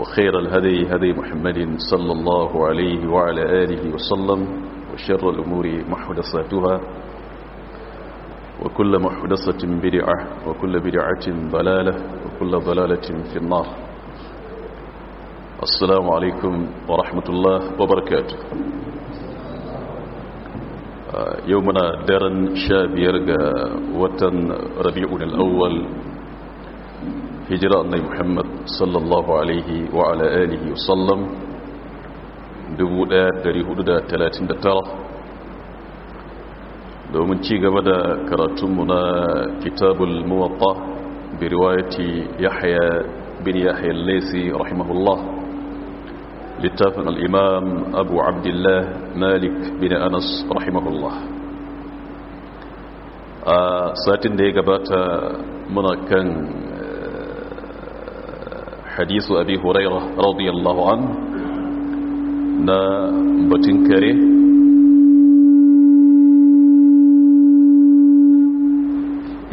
وخير الهدي هدي محمد صلى الله عليه وعلى آله وسلم وشر الأمور محدثاتها وكل محدثة بدعة وكل بدعة ضلالة وكل ضلالة في النار السلام عليكم ورحمة الله وبركاته آه، يومنا دارا شابير آه، وطن ربيعنا الأول هجران محمد صلى الله عليه وعلى آله وسلم دبودا داري حدودا تلاتين دتارة دومن چيغا بدا كراتمنا كتاب الموطة برواية يحيى بن يحيى الليسي رحمه الله لتافن الإمام أبو عبد الله مالك بن أنس رحمه الله آه، ساتين دي قباتا منا كان hadisu abi huraira radiyallahu an na batun kare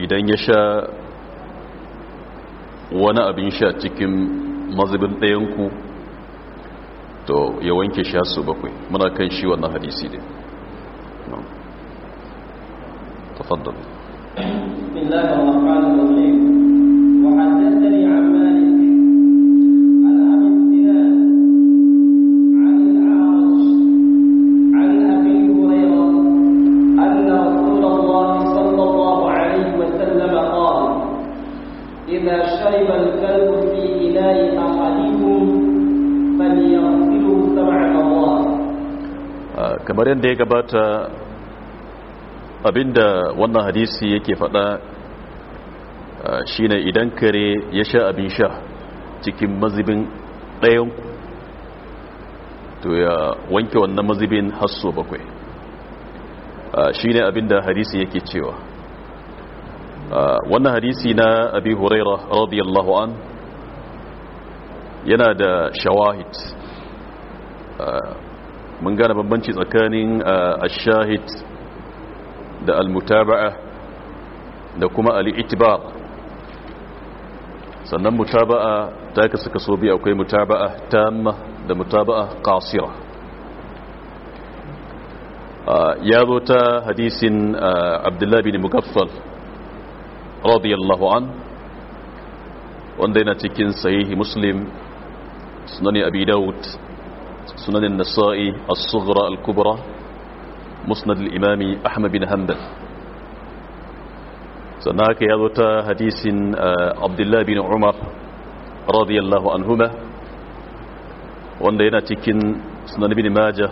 idan ya sha wani abin sha cikin mazubin ɗayanku to ya wanke sha su bakwai muna kan shi wannan hadisi ne kamar yadda ya gabata abinda wannan hadisi yake fada shine idan kare ya sha abin sha cikin mazibin ɗayan ku to ya wanke wannan mazibin hasso bakwai shine abinda hadisi yake cewa wannan hadisi na abi huraira radiyallahu an yana da shawahid mun gane bambanci tsakanin uh, ashahid da almutaba'a da kuma al'itibar sannan mutaba'a ta kasu kaso biyu akwai mutaba'a tamma da mutaba'a kasira uh, ya zo ta hadisin uh, abdullahi bin mugaffal radiyallahu an wanda yana cikin sahihi muslim sunani abi daud سنن النسائي الصغرى الكبرى مسند الإمام أحمد بن حنبل سناك يا حديث آه، عبد الله بن عمر رضي الله عنهما وندينا تكن سنن بن ماجه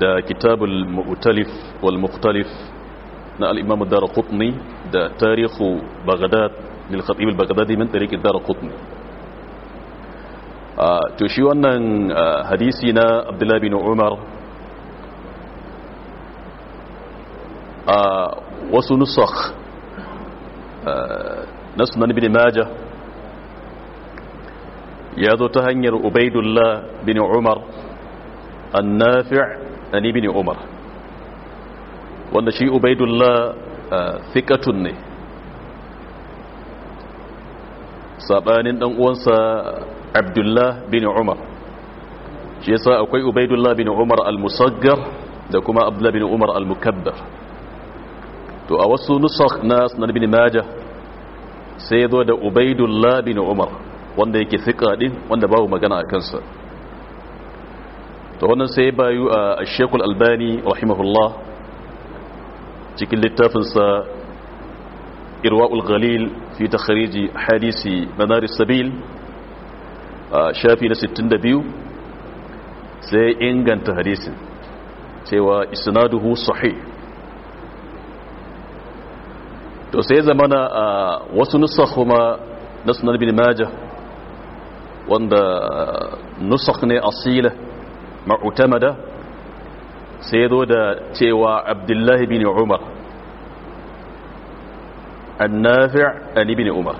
دا كتاب المؤتلف والمختلف نا الإمام الدار قطني دا تاريخ بغداد للخطيب البغدادي من طريق الدار قطني to shi wannan hadisi na abdullahi bin umar a wasu nusakh na sunan bin maja ya zo ta hanyar ubaidullah bin umar an nafi' an bin umar wanda shi ubaidullah thiqatun ne sabanin dan uwansa abdullah bin umar shi yasa akwai ubaidullah bin umar al-musaggar da kuma abdullah bin umar al-mukabbar to a wasu nusakh na sunan bin majah sai zo da ubaidullah bin umar wanda yake fiqa din wanda babu magana a kansa to wannan sai bayu a Sheikh Al-Albani rahimahullah cikin littafinsa Irwaul Ghalil fi takhrij hadisi Manar as-Sabil shafi na 62 sai inganta hadisin cewa isnaduhu sahih to sai zamana a wasu nusakh kuma na sunan ibn majah wanda nusakh ne asila ma'utamada sai zo da cewa abdullahi bin umar annafi' an ibn umar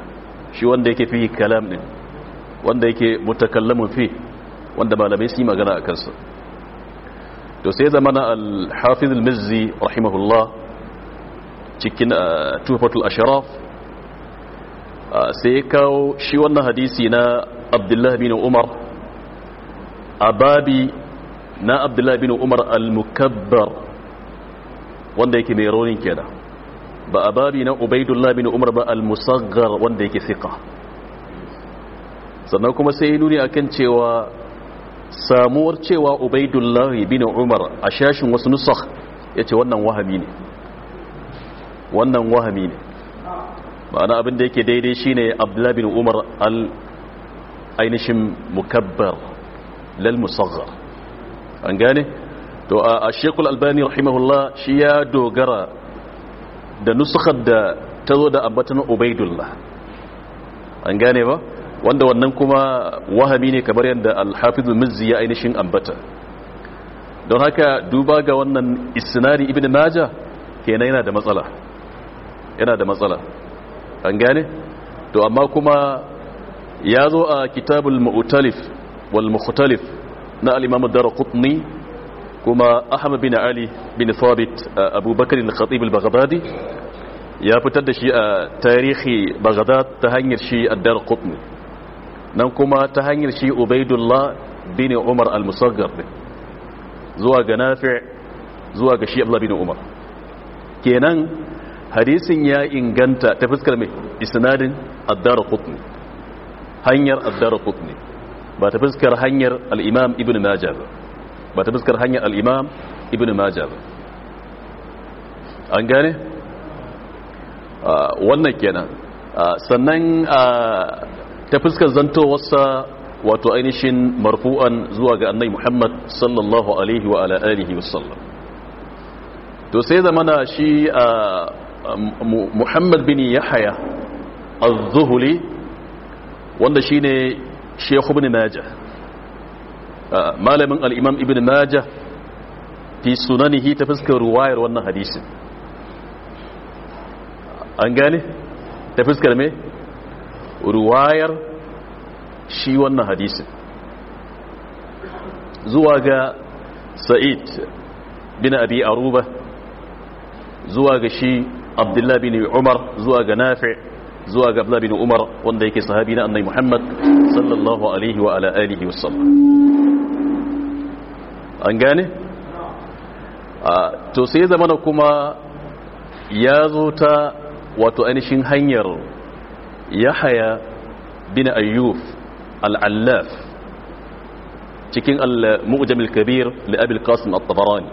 shi wanda yake fi kalam din wanda yake mutakallamin fi wanda malamai su magana a kansa to sai zama na al-hafiz al-mizzi rahimahullah cikin ah, tufatul ashraf ah, sai ya kawo shi wannan hadisi na abdullahi bin umar a babi na abdullahi bin umar al-mukabbar wanda yake mai raunin kenan ba a babi na ubaidullahi bin umar ba al-musaggar wanda yake fiqa sannan kuma sai ya nuni kan cewa samuwar cewa ubaidullahi bin umar a shashin wasu nusakh ya ce wannan wahami ne wannan wahami ne ma'ana abin da yake daidai shine abdullahi bin umar al ainishin mukabbar lal musaghar an gane to a shekul albani rahimahullah shi ya dogara da nusakhar da ta da ambatan ubaidullah an gane ba wanda wannan kuma wahami ne kamar yadda alhafizu mizzi ya ainihin ambata don haka duba ga wannan isinari ibn Maja kenan yana da matsala yana da matsala an gane to amma kuma ya zo a kitabul mu'talif wal mukhtalif na al-imam ad-darqutni kuma ahmad bin ali bin thabit abubakar al-khatib al-baghdadi ya fitar da shi a tarihi baghdad ta hanyar shi ad-darqutni nan kuma ta hanyar shi ubaidullah bin umar al-musaggar zuwa ga nafi zuwa ga shi abdullahi bin umar kenan hadisin ya inganta ta fuskar mai isnadin addar qutni hanyar addar qutni ba ta fuskar hanyar al-imam ibn majah ba ba ta fuskar hanyar al-imam ibn majah ba an gane ah, wannan kenan ah, sannan ah, ta fuskar zantowarsa wato ainihin marfu'an zuwa ga annai muhammad sallallahu alaihi wa ala alihi wasallam to sai zamana shi a muhammad bin yahaya az-zuhuli wanda shine shekhu ibn majah malamin al-imam ibn majah fi sunanihi ta fuskar ruwayar wannan hadisin an gane ta fuskar me ruwayar shi wannan hadisi zuwa ga sa'id bin abi aruba zuwa ga shi abdullahi bin umar zuwa ga nafi zuwa ga abdullahi bin umar wanda yake sahabi na annai muhammad sallallahu alaihi wa ala alihi wasallam an gane? to sai zamana kuma ya zo ta wato ainihin hanyar yahaya bin ayyub al'allaf cikin al-mu'jam al-kabir li'abil qasim at-tabarani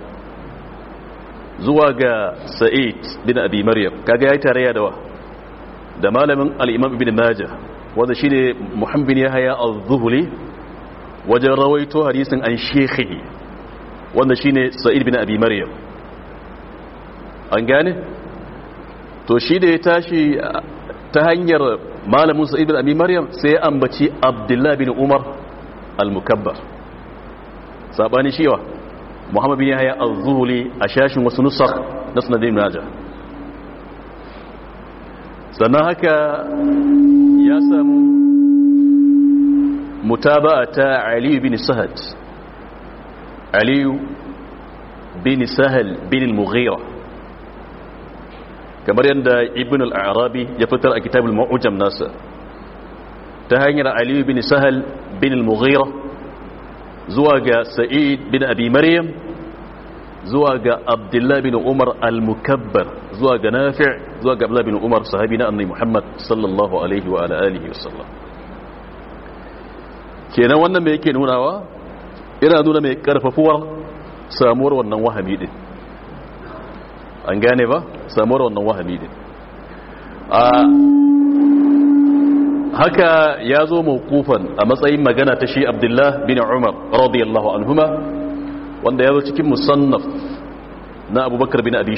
zuwa ga sa'id bin abi maryam kaga yayi tarayya da wa da malamin al-imam ibn majah wanda shine muhammad bin Yahaya al zuhli wajen rawaito hadisin an shekhi wanda shine sa'id bin abi maryam an gane to shi da ya tashi ta hanyar malamin sa'id bin abi maryam sai ya ambaci abdullahi bin umar al-mukabbar sabani shiwa muhammad bin yahya az-zuhli a shashin wasu nusakh na sanadin najah sannan haka ya samu mutaba'a ta aliyu bin sahad aliyu bin sahal bin al-mughira kamar yadda ibn al-arabi ya fitar a kitabul ma'ujam nasa ta hanyar aliyu bin sahal bin al-mughira zuwa ga sa'id bin abi maryam zuwa ga abdullahi bin umar al-mukabbar zuwa ga nafi' zuwa ga abdullahi bin umar sahabi na annabi muhammad sallallahu alaihi wa ala alihi wasallam kenan wannan me yake nunawa ina nuna mai karfafuwar samuwar wannan wahami din an gane ba samuwar wannan wahami din haka ya zo mawkufan a matsayin magana ta shi abdullah bin umar radiyallahu anhuma wanda ya zo cikin musannaf na abubakar bin abi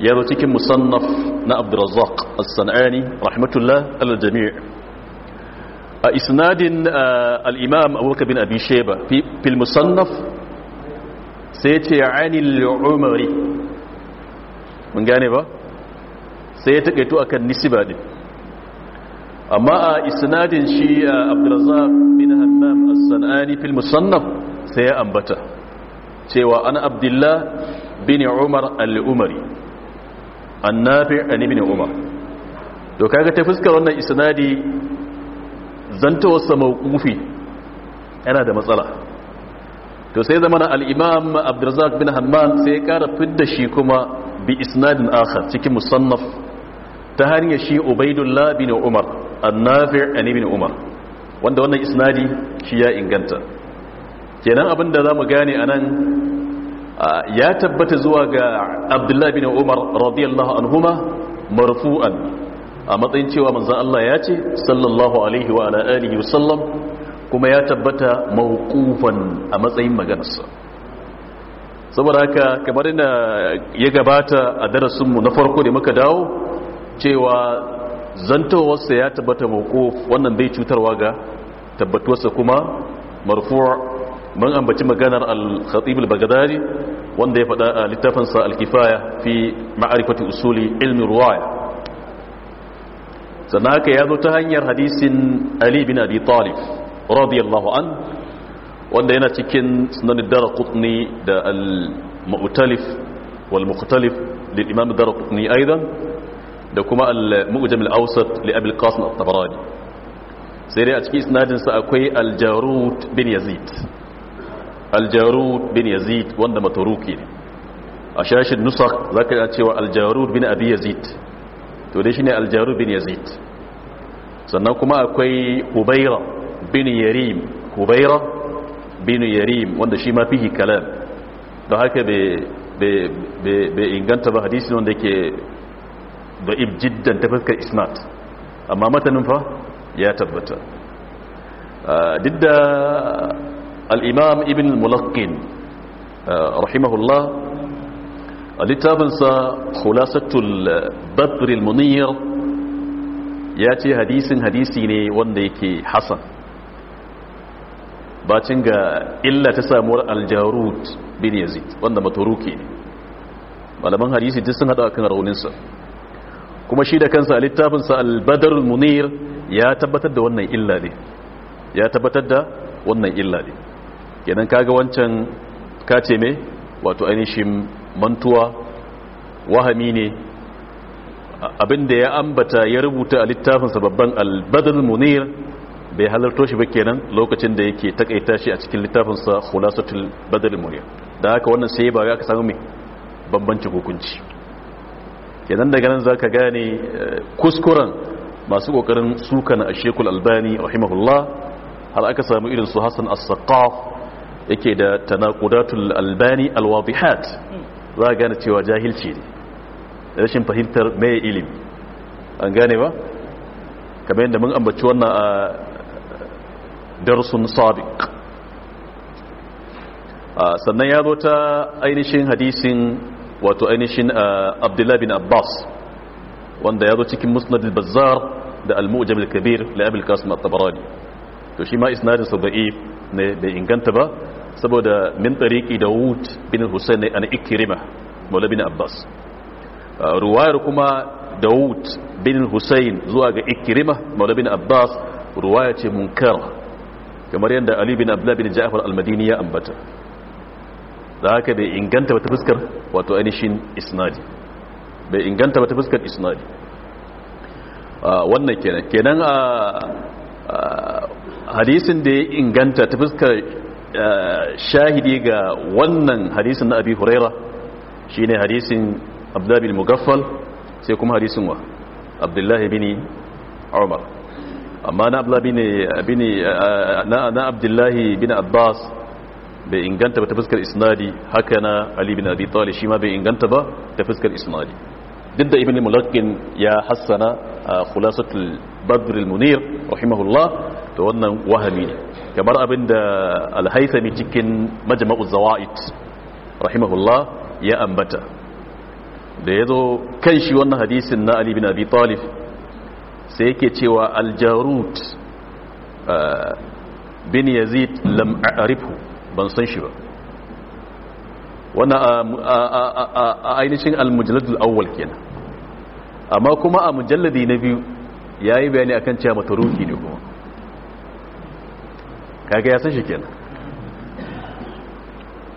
ya zo cikin musannaf na abdurazzaq as-sanani rahmatullah al-jami' a isnadin eh, al-imam abubakar bin abi fil musannaf sai ce anil umari mun gane ba sai ya takaito akan nisba din amma a isnadin shi a Abdulrazzaq bin Hammam as-Sanani fil musannaf sai ya ambata cewa ana Abdullah bin Umar al-Umari annabi an ibn Umar to kaga ta fuskar wannan isnadi zantawarsa mawqufi yana da matsala to sai zama al-imam abdurrazzaq bin hamman sai ya kara fidda shi kuma bi isnadin akhar cikin musannaf ta hanyar shi ubaidullah bin umar annafi' an ibn umar wanda wannan isnadi shi ya inganta kenan abinda zamu gane anan ya tabbata zuwa ga abdullah bin umar radiyallahu anhuma marfu'an a matsayin cewa manzon Allah ya ce sallallahu alaihi wa ala alihi wa sallam kuma ya tabbata mawqufan a matsayin maganarsa saboda haka kamar ina ya gabata a darasinmu na farko da muka dawo cewa zantowarsa ya tabbata mawquf wannan bai cutarwa ga tabbatuwarsa kuma marfura mun ambaci maganar al-khatib wanda ya faɗa a littafinsa al-kifaya fi ma'arifatu usuli ilmi ruwaya sannan haka ya zo ta hanyar hadisin ali bin abi talib رضي الله عنه وانا هنا تكن سنن الدار قطني المؤتلف والمختلف للإمام الدار قطني أيضا دا كما المؤجم الأوسط لأبي القاسم الطبراني سيري أتكي سنادن سأكوي الجاروت بن يزيد الجاروت بن يزيد وانا متروكي أشاش النسخ ذاك الأتي الجاروت بن أبي يزيد تقول ليش الجاروت بن يزيد سنن كما أكوي هبيرة بن يريم كبيرة بن يريم وان ما فيه كلام ده هكا ب ب ب ب انغان تبا حديث وان دكي ضعيف جدا تفسك اسمات اما متى ننفى يا تبت آه، ضد الامام ابن الملقين آه، رحمه الله الكتاب خلاصة البدر المنير ياتي حديث حديثي ني وان حسن bacin ga illa ta samuwar aljarut bin yazid wanda maturuki ne malaman hadisi duk sun hada kan rauninsa kuma shi da kansa a littafinsa albadar munir ya tabbatar da wannan illa ne ya tabbatar da wannan illa ne kenan kaga wancan kace me wato ainihin mantuwa wahami ne abinda ya ambata ya rubuta a littafinsa babban albadar munir bai halarto shi ba kenan lokacin da yake takaita shi a cikin littafinsa khulasatul badal muriya da haka wannan sai ba ga ka samu me bambanci hukunci kenan daga nan zaka gane eh, kuskuren masu kokarin sukan a shekul albani rahimahullah har aka samu irin su hassan as-saqaf yake da tanaqudatul albani alwadihat za gane cewa jahilci ne rashin fahimtar mai ilimi an gane ba kamar yadda mun ambaci wannan a darsun sadiq sannan ya zo ta ainihin hadisin wato ainihin abdullah bin abbas wanda ya zo cikin musnad al-bazzar da al-mu'jam al-kabir la abul qasim at-tabarani to shi ma isnadin sa da'if ne bai inganta ba saboda min tariqi dawud bin husayn an ikrima maula bin abbas ruwayar kuma dawud bin husayn zuwa ga ikrima maula bin abbas ruwaya ce munkara kamar yadda ali bin abdullah bin ja'far al-madini ya ambata da haka bai inganta wata fuskar wato ainihin isnadi bai inganta wata fuskar isnadi wannan kenan kenan a hadisin da ya inganta ta fuskar shahidi ga wannan hadisin na abi huraira shine hadisin abdullah bin mugaffal sai kuma hadisin wa abdullahi bin umar مانا بلا بني بني انا انا عبد الله بن أباس عباس بانغانتا بتفسكر اسنادي هكنا علي بن ابي طالب شيما بانغانتا بتفسكر الإسنادي ضد ابن ملقن يا حسن آه، خلاصه البدر المنير رحمه الله تونا wannan wahami أبن kamar abin da al-haythami cikin majma'u zawaid rahimahullah ya ambata da yazo kanshi wannan hadisin na ali sai yake cewa aljarut uh, bin yazid lam a'rifu ban san shi ba wannan a uh, uh, ainihin almujalladul awwal kenan amma kuma a mujalladi na biyu yayi bayani akan cewa mataruki ne kuma kage ya san shi kenan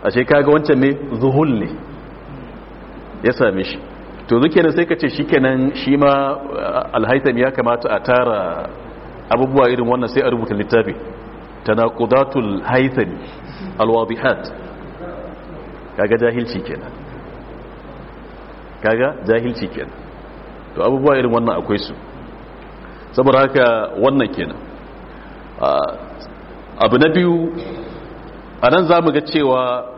a ce kaga wancan ne zuhul ne ya same shi to zuke sai ka ce shi kenan shi ma uh, alhaitam ya kamata a tara abubuwa irin wannan sai a rubuta littafi kudatul haythami alwadihat kaga jahilci kenan kaga jahilci kenan to abubuwa irin wannan akwai su saboda haka wannan kenan uh, abu na biyu a nan za mu ga cewa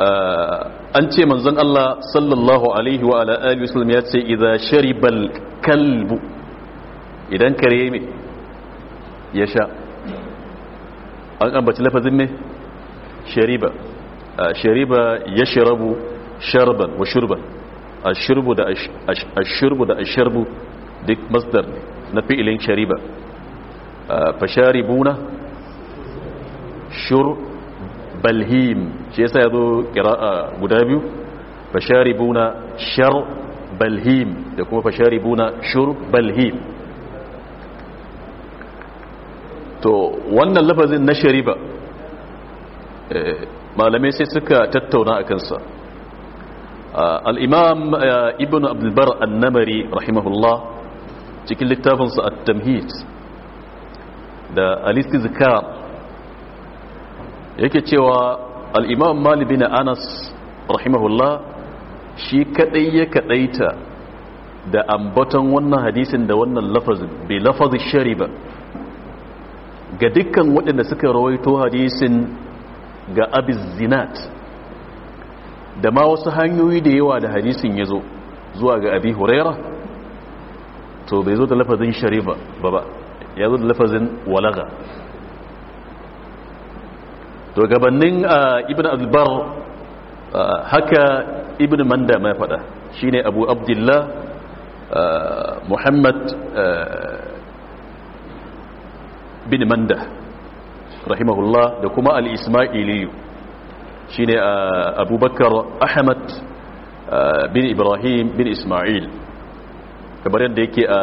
an ce manzon Allah sallallahu alaihi wa ala alihi wasallam ya ce idza sharibal kalbu idan kare me ya sha an ambaci lafazin me shariba shariba ya sharabu sharban wa shurban ashirbu da ashirbu da asharbu duk masdar ne na fi'ilin shariba fasharibuna shur balhim shi yasa yazo qira'a guda biyu fasharibuna shar balhim da kuma fasharibuna shur balhim to wannan lafazin na shariba malamai sai suka tattauna a kansa al'imam ibn abdulbar namri rahimahullah cikin littafinsa a tamhid da alistizikar yake cewa al'imam malibi anas rahimahullah shi kadai ya kadaita da ambaton wannan hadisin da wannan lafazin bai lafazin shariba ga dukkan waɗanda suka rawaito hadisin ga abin zinat da ma wasu hanyoyi da yawa da hadisin ya zo zuwa ga abi huraira to bai zo da lafazin shariba ba ba ya zo da lafazin walaga to gabanin ah, ibn albar ah, haka ibn manda mai fada shine abu abdullah ah, muhammad bin manda rahimahullah da kuma al-ismailiyu shine abubakar ahmad bin ibrahim bin ismail kamar yadda yake a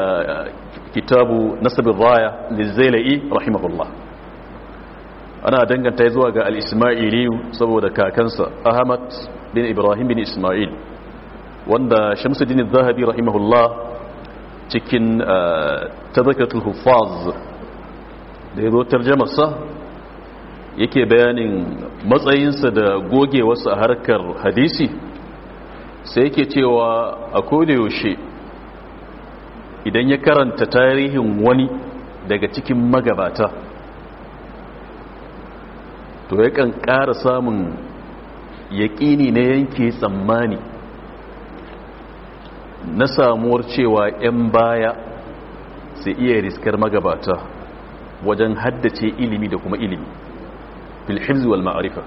kitabu nasabin raya lizzaila'i rahimahullah ana danganta zuwa ga al-ismailiyu saboda kakansa ahmad bin ibrahim bin ismail wanda shamsuddin zahabi rahimahullah cikin eh, tazakatul huffaz da yazo tarjamarsa yake bayanin matsayinsa da gogewarsa a harkar hadisi sai yake cewa a kodayaushe idan ya karanta tarihin wani daga cikin magabata to yakan ƙara samun yaƙini na yanke tsammani na samuwar cewa 'yan baya sai iya riskar magabata wajen haddace ilimi da kuma ilimi filhibzi wal ma'arifa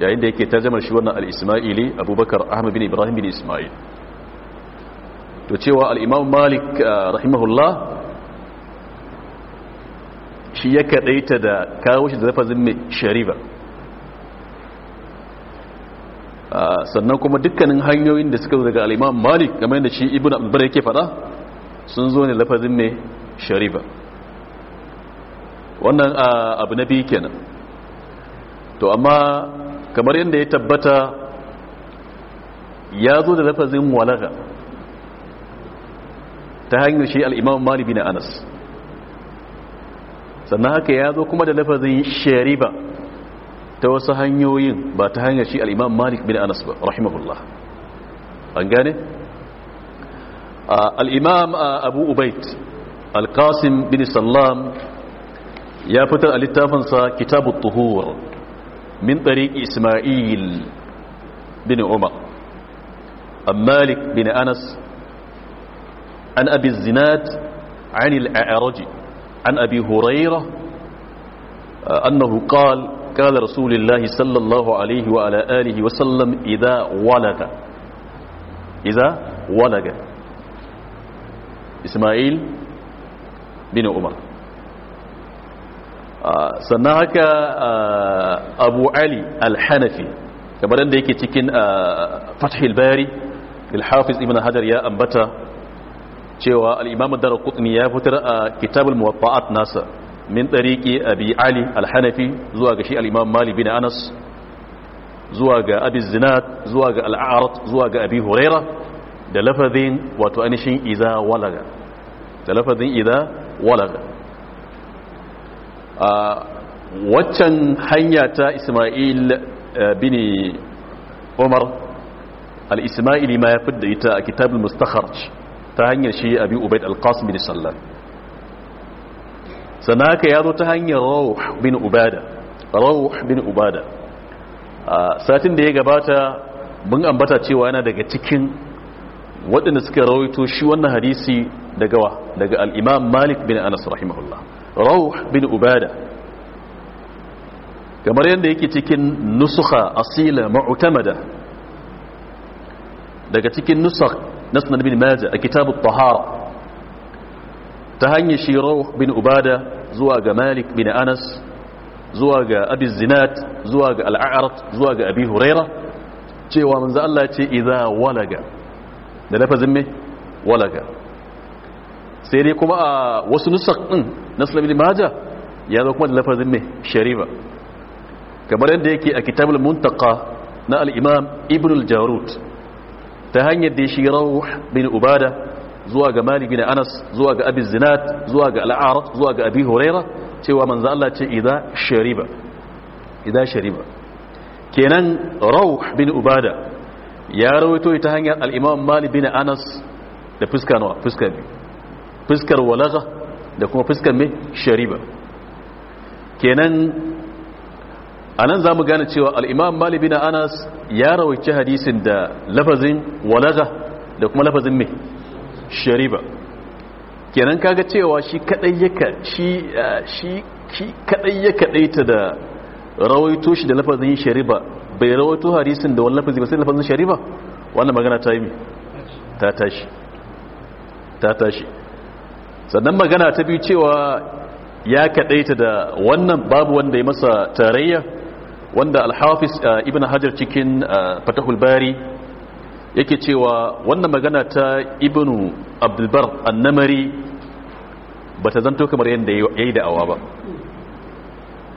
yayin da yake tarjamar shi wannan al'isma'ili abubakar ahmad bin ibrahim bin ismail to cewa alimam malik ah, rahimahullah shi ya ta da kawo shi da lafazin mai shariba sannan kuma dukkanin hanyoyin da suka zo daga al'imam malik game da shi ibn abdulbar yake fada sun zo ne lafazin mai shariba wannan abu na biyu kenan to amma kamar yadda ya tabbata ya zo da lafazin walaga ta hanyar shi al'imam malibi na anas sannan haka ya zo kuma da lafazin shariba ta wasu hanyoyin ba ta hanyar shi al'imam malik bin anas ba rahimahullah an gane? al'imam abu ubaid alkasim bin sallam ya fitar a littafinsa kitabu tuhur min tsariƙi ismail bin umar malik bin anas an abin zinat عن الأعراجي عن أبي هريرة آه، أنه قال قال رسول الله صلى الله عليه وعلى آله وسلم إذا ولد إذا ولد إسماعيل بن عمر آه، سنهك آه، أبو علي الحنفي كما عندك تكن فتح الباري للحافظ ابن هجر يا أنبتا cewa al-imam darqutni ya fitar a kitabul muwatta'at nasa min tariqi abi ali al-hanafi zuwa ga shi al-imam malik bin anas zuwa ga abi zinad zuwa ga al-a'rad zuwa ga abi huraira da lafazin wato anishin idza walaga da lafazin idza walaga a waccan hanya ta isma'il bin umar al-isma'ili ma ya da ita a kitabul mustakharj ta hanyar shi abi ubaid al-qasim bin sallam sanaka yazo ya zo ta hanyar rawuh bin ubada rawuh bin ubada satin da ya gabata mun ambata cewa yana daga cikin waɗanda suka rawaito shi wannan hadisi daga wa daga al-imam malik bin anas rahimahullah rawuh bin ubada kamar yadda yake cikin nusukha asila mu'tamada daga cikin nusak na sunan bin maja a kitabu tahara ta hanyar shiro bin ubada zuwa ga malik bin anas zuwa ga abi zinat zuwa ga al'arat zuwa ga abi huraira cewa manzo Allah ce idza walaga da lafazin me walaga sai dai kuma a wasu nusak din na sunan bin maja ya zo kuma da lafazin me shariba kamar yadda yake a kitabul muntaka na al ibn al-jarud ta hanyar da ya shi rawuh bin ubada zuwa ga malik bin anas zuwa ga abi zinat zuwa ga al'arat zuwa ga abi huraira cewa manzo Allah ce idza shariba idza shariba kenan rawuh bin ubada ya rawaito ta hanyar al-imam malik bin anas da fuska nawa fuska biyu fuskar walaga da kuma fuskar mai shariba kenan a nan za mu gane cewa al'imam malibi na anas ya rawaki hadisin da lafazin walaga da kuma lafazin mai shariba kenan kaga cewa shi kadai ya eh, kadai ya kadaita da rawaito shi da lafazin shariba bai rawaito hadisin da wani lafazin ba sai lafazin shariba wannan magana ta yi ta tashi ta tashi sannan magana ta biyu cewa ya kadaita da wannan babu wanda ya masa tarayya wanda alhafis uh, ibn hajar cikin uh, fatahul bari yake cewa wannan magana ta ibn abdulbar annamari ba ta zanto kamar yadda ya yi awa ba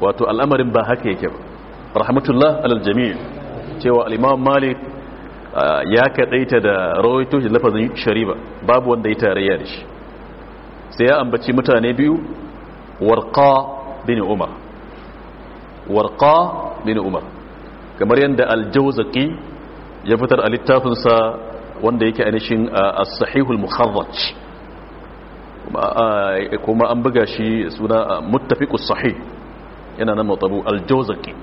wato al'amarin ba haka yake ba rahmatullah alaljami cewa al'imam malik uh, ya kaɗaita da rawaito da lafazin Shariba babu wanda ya tarayya da shi sai ya ambaci mutane biyu warqa bin umar warqa bin umar kamar yadda aljawzaki ya fitar a littafinsa wanda yake ainihin a sahihul muharraj kuma an buga shi suna muttafiqus sahih yana nan matabu aljawzaki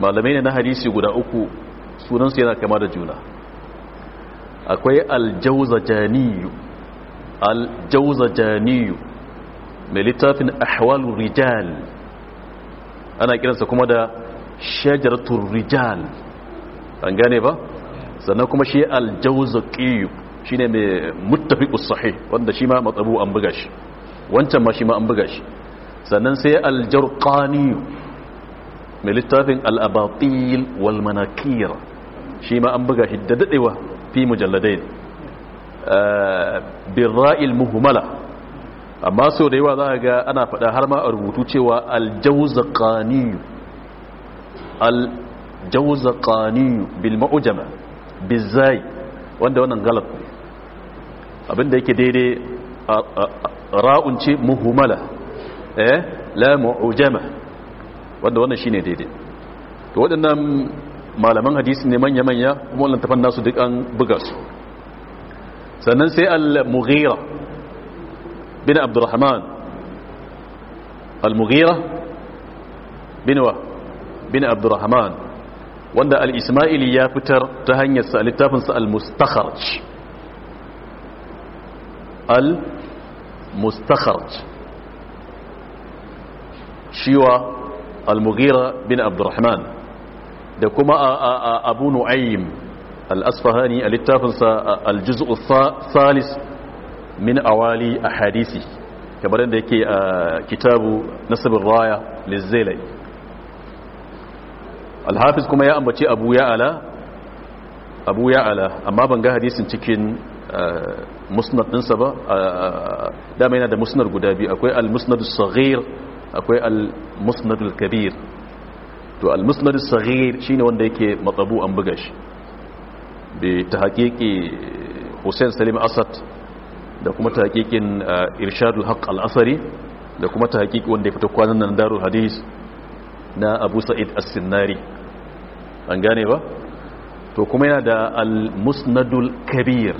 malamai ne na hadisi guda uku sunansu yana kama da juna akwai aljawzajaniyu aljawzajaniyu mai littafin ahwalur rijal ana kiransa kuma da shajaratul rijal an gane ba sannan kuma shi aljawzaqi shine mai muttafiqus sahih wanda shi ma matsabu an buga shi wancan ma shi ma an buga shi sannan sai aljarqani mai littafin alabatil wal manakir shi ma an buga shi da dadewa fi mujalladain eh, birra'il muhmala amma sau da yawa za ga ana faɗa har ma a rubutu cewa aljawzaqani al-jawzaqani bil ma'ujama bizai wanda wannan galab ne abinda yake daidai ra'un ce muhumala eh la mu'ujama wanda wannan shine daidai to waɗannan malaman hadisi ne manya-manya kuma wannan tafan nasu duk an buga su sannan sai al-mughira bin abdurrahman al-mughira bin wa bin abdurrahman wanda al ya fitar ta hanyarsa sa littafinsa al-mustakharj al-mustakharj shiwa al-mughira bin abdurrahman da kuma abu nu'aym al-asfahani a littafinsa al-juz'u thalis min awali hadisi kamar yadda yake a kitabu nasibin raya lizzalai alhafiz kuma ya ambace abu ya ala abu ya ala amma ban ga hadisin cikin eh, musnad ba ba eh, eh, dama yana da musnad guda biyu akwai al-musnad saghir akwai al-musnad kabir to al-musnad saghir shine wanda yake matsabu an buga shi bi tahqiqi Hussein Salim Asad da kuma tahqiqin Irshadul Haqq al-Asari da kuma tahqiqi wanda ya fito kwanan nan Darul hadis na Abu Sa'id As-Sinnari an gane ba to kuma yana da al-musnadul kabir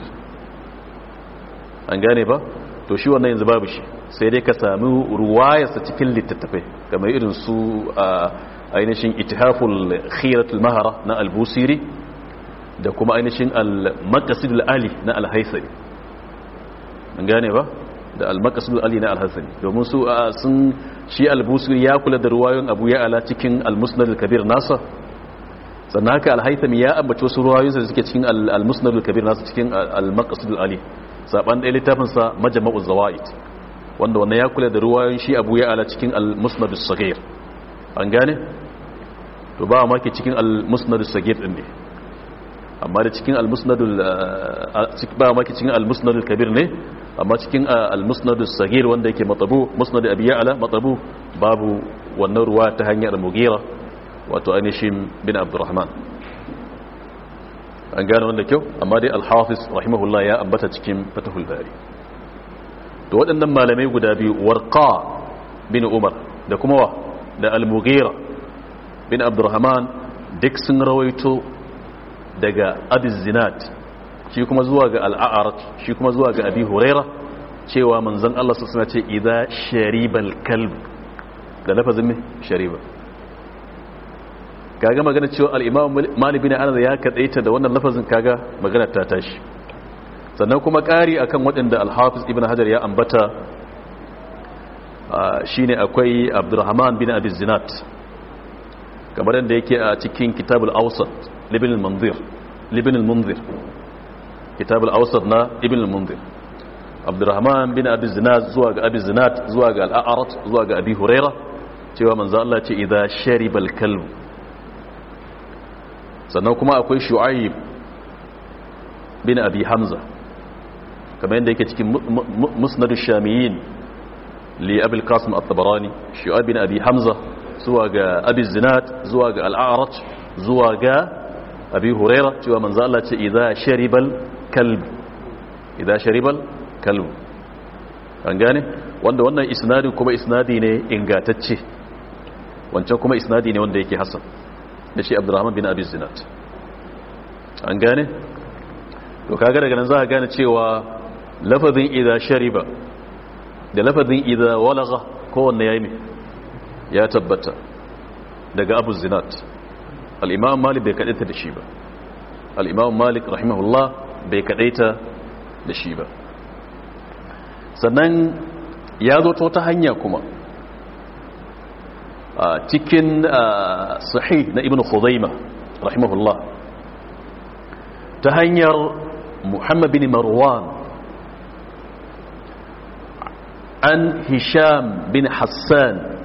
an gane ba to shi wannan yanzu babu shi sai dai ka sami ruwayarsa cikin littattafai kamar irin su a ainihin itihaful khiratul mahara na al-busiri da kuma ainihin al-maqasidul ali na al-haisari an gane ba da al-maqasidul ali na al-haisari domin su sun shi al-busiri ya kula da ruwayoyin abu ya'ala cikin al musnadul kabir nasa sannan haka alhaitami ya ambaci wasu ruwayoyinsa da suke cikin al-musnad al-kabir nasu cikin al-maqsid al-ali saban littafin littafinsa majma'u zawaid wanda wannan ya kula da ruwayoyin shi abu ya ala cikin al-musnad as-saghir an gane to ba maki cikin al-musnad as-saghir din ne amma da cikin al-musnad ba ke cikin al-musnad al-kabir ne amma cikin al-musnad as-saghir wanda yake matabu musnad abi ya ala matabu babu wannan ruwa ta hanyar mugira wato ainihin bin abdurrahman an gane wanda kyau amma dai alhafiz rahimahullah ya ambata cikin fatahul bari Da waɗannan malamai guda biyu warqa bin umar da kuma wa da al-mughira bin abdurrahman duk sun rawaito daga abizinat shi kuma zuwa ga al'a'arat shi kuma zuwa ga abi huraira cewa manzon Allah su suna ce idza sharibal kalb da lafazin me shariba kaga magana cewa al-imam malik bin anas ya kadaita da wannan lafazin kaga magana ta tashi sannan kuma ƙari akan waɗanda al-hafiz ibn hajar ya ambata ah, shine akwai abdurrahman bin abi zinat kamar yadda yake a cikin kitabul awsat ibn al-munzir libin al-munzir kitabul awsat na ibn al-munzir abdurrahman bin abi zinat zuwa ga abi zinat zuwa ga al-a'rat zuwa ga abi huraira cewa manzo Allah ce idza shariba al-kalb sannan kuma akwai shu'aib bin abi hamza kamar yadda yake cikin musnadu shamiyin li abul qasim at-tabarani shu'aib bin abi hamza zuwa ga abi zinat zuwa ga al-a'raj zuwa ga abi hurayra cewa manzo Allah ce idza sharibal kalb idza sharibal kalb an gane wanda wannan isnadi kuma isnadi ne ingatacce wancan kuma isnadi ne wanda yake hasan da shi abdurrahman bin abi zinat an gane to kaga daga nan za a gane cewa lafazin idza shariba da lafazin idza walagha kowanne ya yi ne ya tabbata daga abu zinat al malik bai kadaita da shi ba al-imam malik rahimahullah bai kadaita da shi ba sannan ya zo ta wata hanya kuma cikin sahih na ibn khuzaima rahimahullah ta hanyar muhammad bin marwan an hisham bin hassan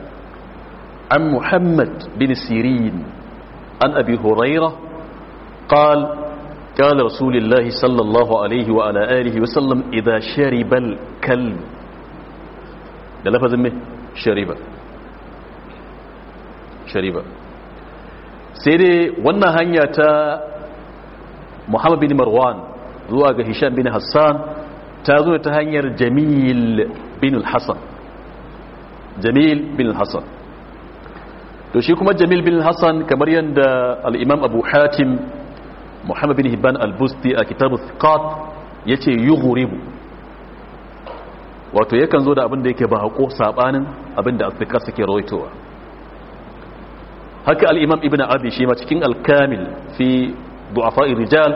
an muhammad bin sirin an abi huraira قال قال رسول الله صلى الله عليه وعلى آله وسلم إذا شرب الكلب ده لفظ منه شرب ba sai dai wannan hanya ta muhammad bin marwan zuwa ga hisham bin hassan ta zo ta hanyar jamil bin hassan jamil bin hassan to shi kuma jamil bin hassan kamar yadda al'imam abu hatim muhammad bin hibban al-busti a kitabu scott ya ce yughuribu wato yakan zo da abin da yake ba haƙo saɓanin abin da suke rawaitowa haka al'imam ibn abi shi ma cikin alkamil fi du'afa rijal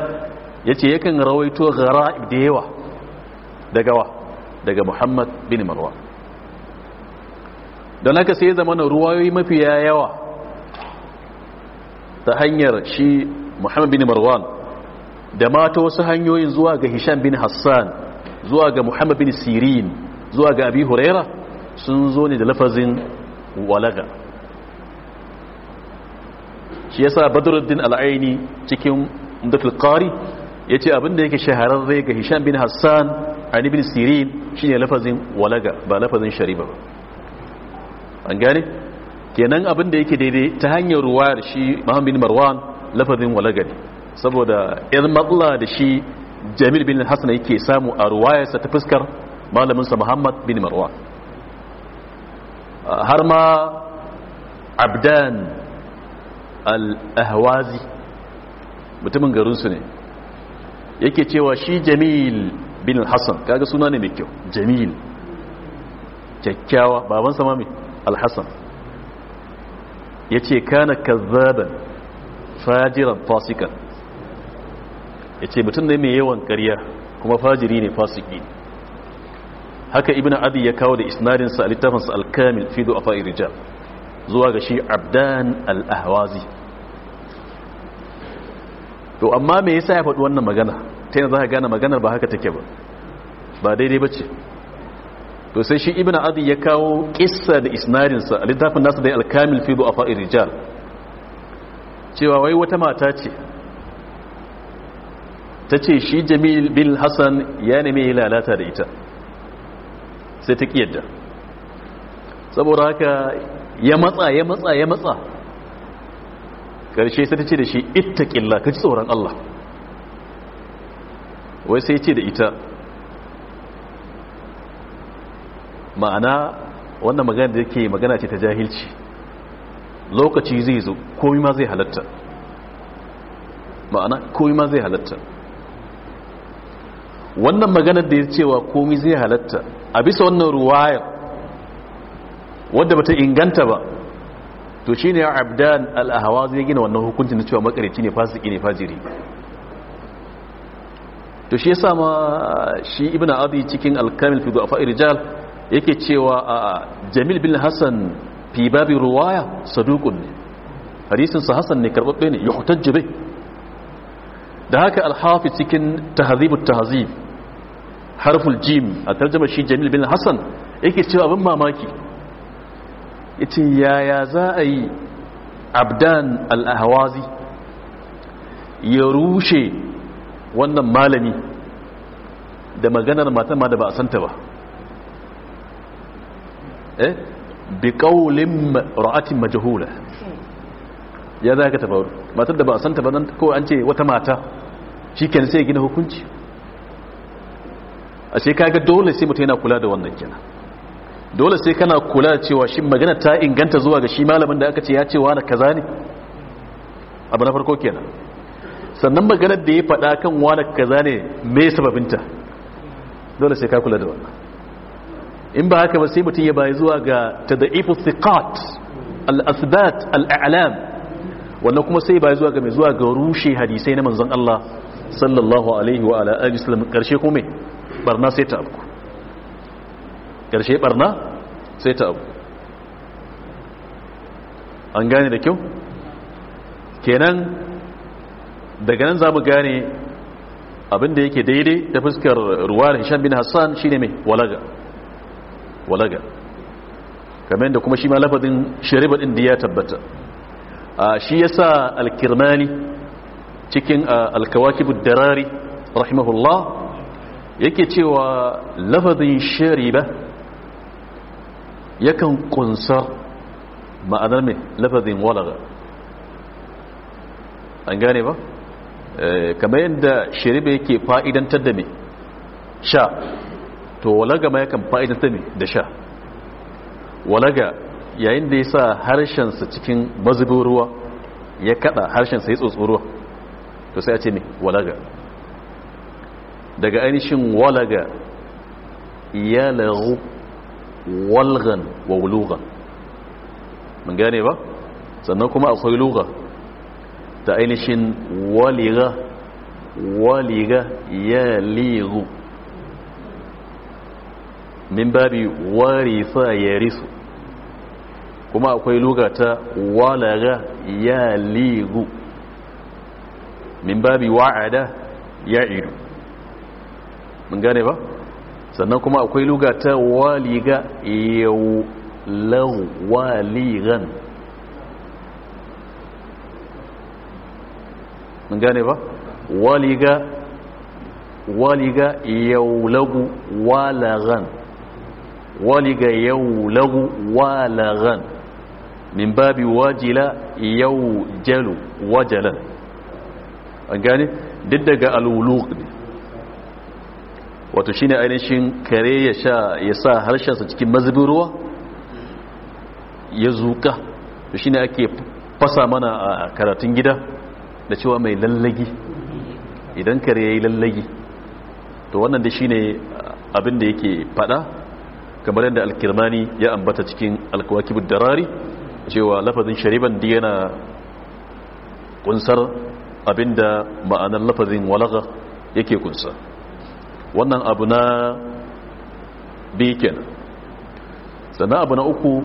ya ce yakan rawaito gara da yawa daga wa daga muhammad bin marwa don haka sai zama na ruwayoyi mafi yawa ta hanyar shi muhammad bin marwan da mata wasu hanyoyin zuwa ga hisham bin hassan zuwa ga muhammad bin sirin zuwa ga abi huraira sun zo ne da lafazin walaga shi yasa badruddin al'aini cikin umdatul qari yace abin da yake shahararre ga hisham bin hassan ani bin sirin shine lafazin walaga ba lafazin shariba ba an gane kenan abinda yake daidai ta hanyar da shi muhammad bin marwan lafazin walaga ne saboda yan matsala da shi jamil bin hassan yake samu a ruwayarsa ta fuskar malaminsa muhammad bin marwan har ma abdan al-ahwazi mutumin garinsu ne yake cewa shi jamil bin hassan kaga suna ne mai kyau jamil kyakkyawa baban sama mai al-hassan ya ce kana kazzaban fajiran fasikan ya ce mutum ne mai yawan karya kuma fajiri ne fasiki haka ibn abi ya kawo da isnadinsa a littafinsa al-kamil fi du'afa irijal zuwa ga shi abdan al'ahwazi to amma mai yasa ya faɗi wannan magana ta yana za ka gane maganar ba haka take ba ba daidai ba ce to sai shi ibn adi ya kawo kisa da isnarinsa a littafin nasa da alkamil fi a fa’in rijal cewa wai wata mata ce ta ce shi jamil bin hassan ya neme ya lalata da ita sai ta ƙiyar saboda haka ya matsa ya matsa ya matsa karshe sai ta ce da shi ittaqilla ka ci tsoron Allah wai sai ce da ita ma'ana wannan magana da yake magana ce ta jahilci lokaci zai zo komai ma zai halatta ma'ana komai ma zai halatta wannan maganar da ya cewa komai zai halatta a bisa wannan ruwayar wadda bata inganta ba to shine ya abdan al zai gina wannan hukuncin na cewa makarici ne fasiki ne fajiri to shi yasa ma shi ibn abi cikin al-kamil fi du'afa rijal yake cewa a jamil bin hasan fi babi ruwaya saduqun ne hadisin sa hasan ne karbabbe ne yuhtajju bai da haka al cikin tahdhibut tahdhib harful jim a tarjuma shi jamil bin hasan yake cewa abin mamaki ya ya yaya za a yi abdan al-ahwazi ya rushe wannan malami da maganar matan ma da ba a santa ba eh bi qawlin ra'atin majhula ya za ka tafaru matan da ba a santa ba nan ko an ce wata mata shi ken sai gina hukunci a sai kaga dole sai mutum yana kula da wannan kenan dole sai kana kula da cewa shi magana ta inganta zuwa ga shi malamin da aka ce ya ce wa na kaza ne abu na farko kenan sannan maganar da ya faɗa kan wa na kaza ne me sababinta dole sai ka kula da wannan in ba haka ba sai mutum ya bayi zuwa ga tadaifu thiqat al-asbat al-a'lam wannan kuma sai bayi zuwa ga mai zuwa ga rushe hadisai na manzon Allah sallallahu alaihi wa ala alihi wasallam karshe kuma barna sai ta alku. Karshe barna sai ta abu an gane da kyau kenan daga nan za mu gane abinda yake daidai da fuskar ruwan hisham bin hassan shine mai walaga walaga kamar da kuma shi ma lafazin shariba din da ya tabbata shi yasa alkirmani cikin alkawakibud darari rahimahullah yake cewa lafazin shariba yakan kunsa ma'anar mai lafazin walaga an gane ba eh, kamar yadda shiribe yake fa'idantar da mai sha to walaga ma yakan fa'idantar mai da sha walaga yayin da ya sa harshensa cikin mazubin ruwa ya kada harshensa ya tsotso ruwa to sai a ce mai walaga daga ainihin walaga ya lagu walgan wa wulugan mun gane ba sannan kuma akwai luga ta ainihin waliga waliga ya liru min babi warisa ya risu kuma akwai luga ta walaga ya liru min babi wa'ada ya iru mun gane ba sannan kuma akwai luga ta waliga yau lau waligan mun gane ba waliga waliga yau lagu walagan waliga yau lagu walagan min babi wajila yau jalu wajalan an gane duk daga alwuluk ne wato shine ainihin kare ya sha ya sa harshensa cikin mazubin ruwa ya zuka to shine ake fasa mana a karatun gida da cewa mai lallagi idan kare ya yi lallagi to wannan da shine abin da yake fada kamar yadda alkirmani ya ambata cikin alkawakibin darari cewa lafazin shariban da yana kunsar abinda ma'anar lafazin walaga yake kunsa wannan abu na biyu kenan sannan abu na uku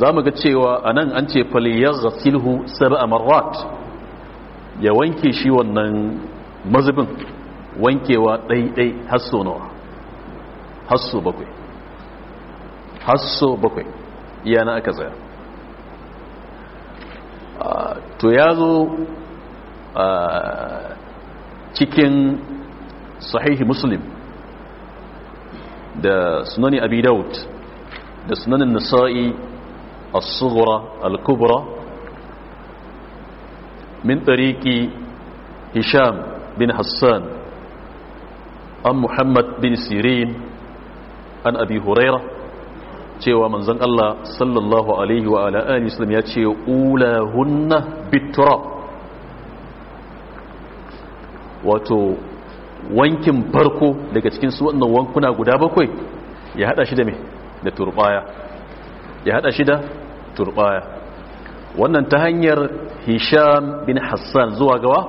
za mu ga cewa a nan an ce faliyar zasilhu sabi a marwat ya wanke shi wannan mazubin wankewa ɗaiɗai hasso nawa hasso bakwai hasso bakwai iya na aka tsaya to ya zo cikin sahihi muslim da sunani abi daud da sunanin nisa'i as-sughra al-kubra min tariqi hisham bin hassan an muhammad bin sirin an abi huraira cewa manzon Allah sallallahu alaihi wa ala alihi wasallam ya ce ulahunna biturab wato wankin farko daga cikin su wannan wankuna guda bakwai ya hada shi da me da turbaya ya hada shi da turbaya wannan ta hanyar hisham bin hassan zuwa gawa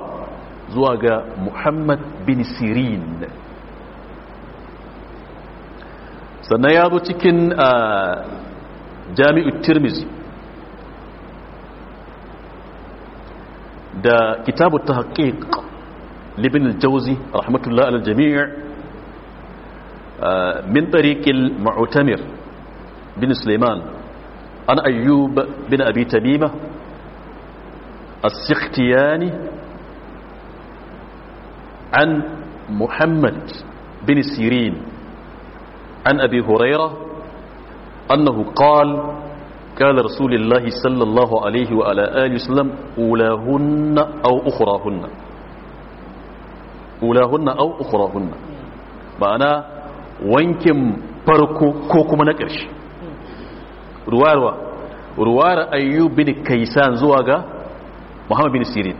zuwa ga muhammad bin sirin sannan ya zo cikin a Jami'u tirmizi da kitabu ta haƙiƙa لابن الجوزي رحمة الله على الجميع آه، من طريق المعتمر بن سليمان عن أيوب بن أبي تميمة السختياني عن محمد بن سيرين عن أبي هريرة أنه قال قال رسول الله صلى الله عليه وعلى آله وسلم أولاهن أو أخراهن ulahunna au ukhrahunna ma'ana wankin farko ko kuma na ƙarshe ruwarwa ruwar ayyub kaisan zuwa ga muhammad bin sirin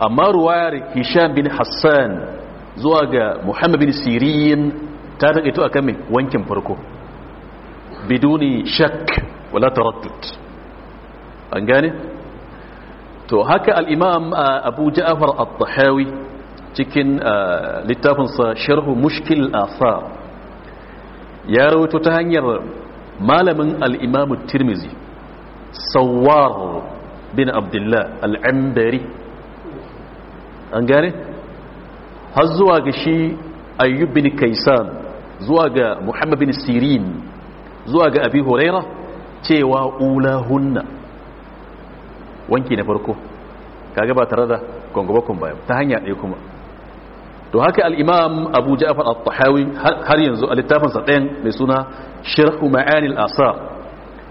amma ruwar hisham bin hassan zuwa ga muhammad bin sirin ta taƙaito akan mai wankin farko biduni shak wala taraddud an gane to haka al-imam uh, abu ja'far at-tahawi cikin eh, littafinsa sharhu mushkil asar ya rawato ta hanyar malamin al'imamu tirmizi sawar bin abdullah al'ambari an gane? har zuwa ga shi ayyub bin kaisan zuwa ga muhammad bin sirin zuwa ga abi huraira cewa ulahunna wanki na farko kaga ba tare da gwangwabakon bayan ta hanya ɗaya kuma to haka alimam Abuja abu ja'far al-tahawi har yanzu a littafinsa ɗayan mai suna sharhu ma'anil asar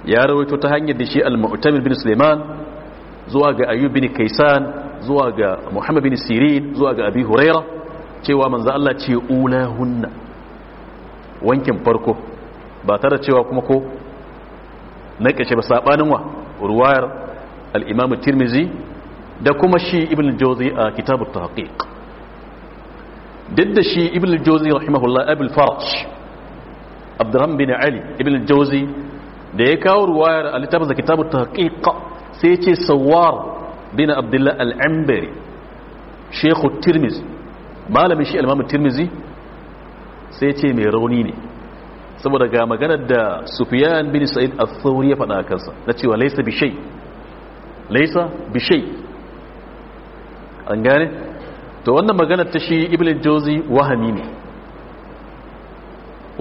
ya rawaito ta hanyar da shi al-mu'tamir bin suleiman zuwa ga ayyub bin kaisan zuwa ga muhammad bin sirin zuwa ga abi huraira cewa manza Allah ce hunna wankin farko ba tare cewa kuma ko na kashe ba saɓanin wa ruwayar al-imam tirmizi da kuma shi ibn jawzi a kitabun tahqiq duk da shi ibn al-jawzi rahimahullah abul faraj abdurrahman bin ali ibn al-jawzi da ya kawo ruwayar a littafin da kitabun tahqiq sai ya ce sawar bin abdullah al-ambari shekhu tirmizi malamin shi al-imam tirmizi sai ya ce mai rauni ne saboda ga maganar da sufiyan bin sa'id al-thawri ya faɗa kansa na cewa laysa bi shay laysa bi shay an gane to wannan maganar ta shi ibn jozi wahami ne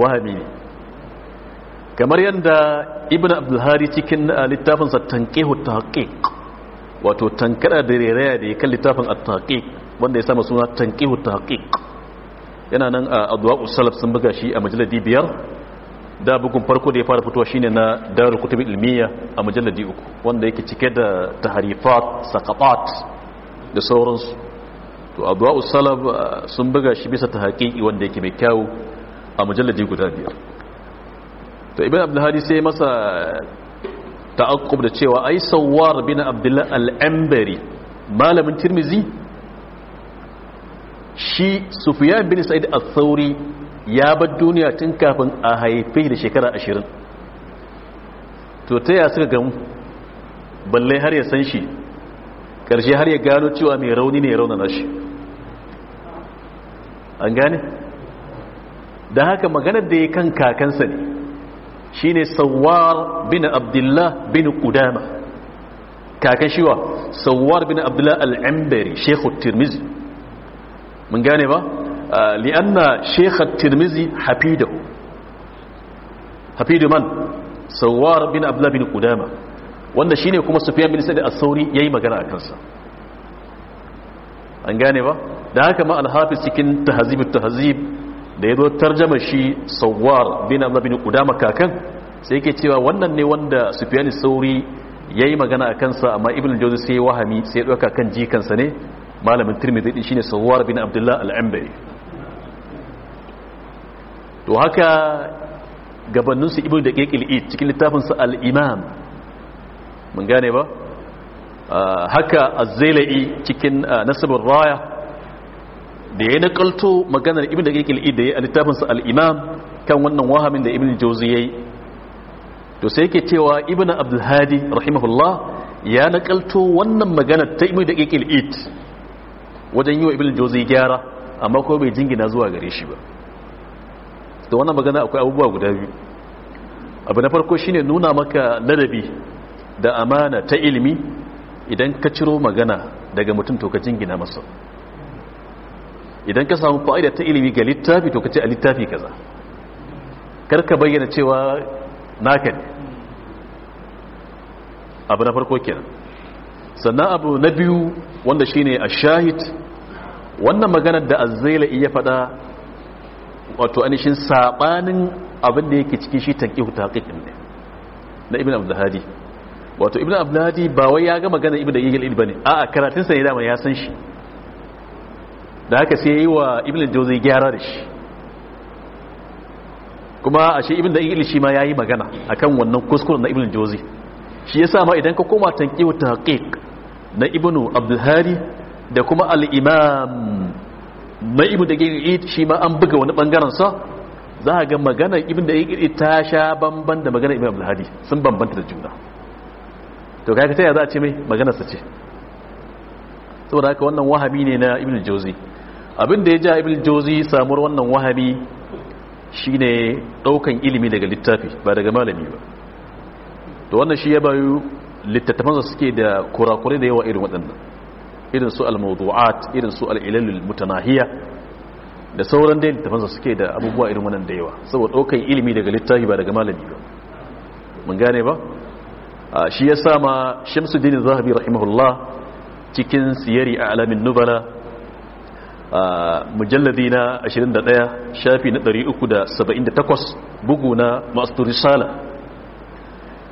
wahami ne kamar yadda ibn abdulhari cikin littafinsa tanqihu tahqiq wato tankara da reraya da ya kan littafin at-tahqiq wanda ya sama suna tanqihu tahqiq yana nan a adwa'u salaf sun buga shi a majaladi biyar da bugun farko da ya fara fitowa shine na darul kutub ilmiya a majaladi uku wanda yake cike da tahrifat saqatat da sauransu to abuwa usalab uh, sun buga shi bisa ta haƙiƙi wanda yake mai kyawu a mujallaji guda biyar to ibn abdulhadi sai masa ta'aqqub da cewa ai sawwar bin abdullah al ambari malamin tirmizi shi sufyan bin sa'id al-thawri ya bar duniya tun kafin a haife da shekara 20 to ta ya suka gamu balle har ya san shi ƙarshe har ya gano cewa mai rauni ne ya na shi an gane da haka maganar da ya kan kakansa ne shi ne sawar bin abdullah bin kudama kakan shiwa sawar bin abdullah al'ambari shekhar tirmizi mun gane ba ah, li'anna shekhar tirmizi hafido hafido man sawar bin abdullah bin kudama wanda shine kuma sufiyan bin sa'id al sauri yayi magana a kansa an gane ba da haka ma al-hafiz cikin tahzib at-tahzib da yazo tarjama shi sawwar bin Abd bin qudama kakan sai yake cewa wannan ne wanda sufiyan al sauri yayi magana a kansa amma ibn al-jawzi sai wahami sai ya dauka kan jikansa ne malamin tirmidhi din shine sawwar bin abdullah al-anbari to haka gabaninsu ibn da ƙeƙil cikin littafin sa al-imam mun gane ba ah, haka azzaila'i cikin ah, nasibin raya da ya nakalto maganar ibn da idai a littafinsa al'imam kan wannan wahamin da ibn jawzi yayi to sai yake cewa ibn abdulhadi rahimahullah ya nakalto wannan maganar ta ibn da id wajen yi wa ibn jawzi gyara amma ko bai jingina zuwa gare shi ba da wannan magana akwai abubuwa guda biyu abu na farko shine nuna maka ladabi da amana ta ilimi idan ka ciro magana daga mutum to ka jingina masa idan ka samu fa'ida ta ilimi ga littafi to ka ce a littafi kaza kar ka bayyana cewa naka ne abu na farko kenan sannan abu na biyu wanda shine a shahid wannan maganar da azzaila iya faɗa wato shi saɓanin abin da yake cikin shi tanki hutu haƙiƙin ne na ibn abdulhadi wato ibn abdulhadi ba wai ya ga magana ibn daqiqil bane a'a karatun sa ne dama ya san shi da haka sai yayi wa ibn jawzi gyara da shi kuma a shi ibn daqiqil shi ma yayi magana akan wannan kuskuren na ibn jawzi shi yasa ma idan ka koma tanqiyu tahqiq na ibn abdulhadi da kuma al-imam na ibn daqiqil shi ma an buga wani bangaren sa za ga magana ibn daqiqil ta sha bamban da magana ibn abdulhadi sun bambanta da juna to kaga ta za a ce mai maganarsa ce saboda haka wannan wahabi ne na ibn jauzi abin da ya ja ibn jauzi samuwar wannan wahabi shine daukan ilimi daga littafi ba daga malami ba to wannan shi ya bayu littattafansa suke da kurakurai da yawa irin waɗannan irin su al-mawdu'at irin su al-ilalul mutanahiya da sauran dai littafansa suke da abubuwa irin wannan da yawa saboda daukan ilimi daga littafi ba daga malami ba mun gane ba Ah, shi ya sama shamsuddin zahabi rahimahullah cikin siyari a alamin nubala ah, mujalladi na 21 shafi na 378 bugu na masu risala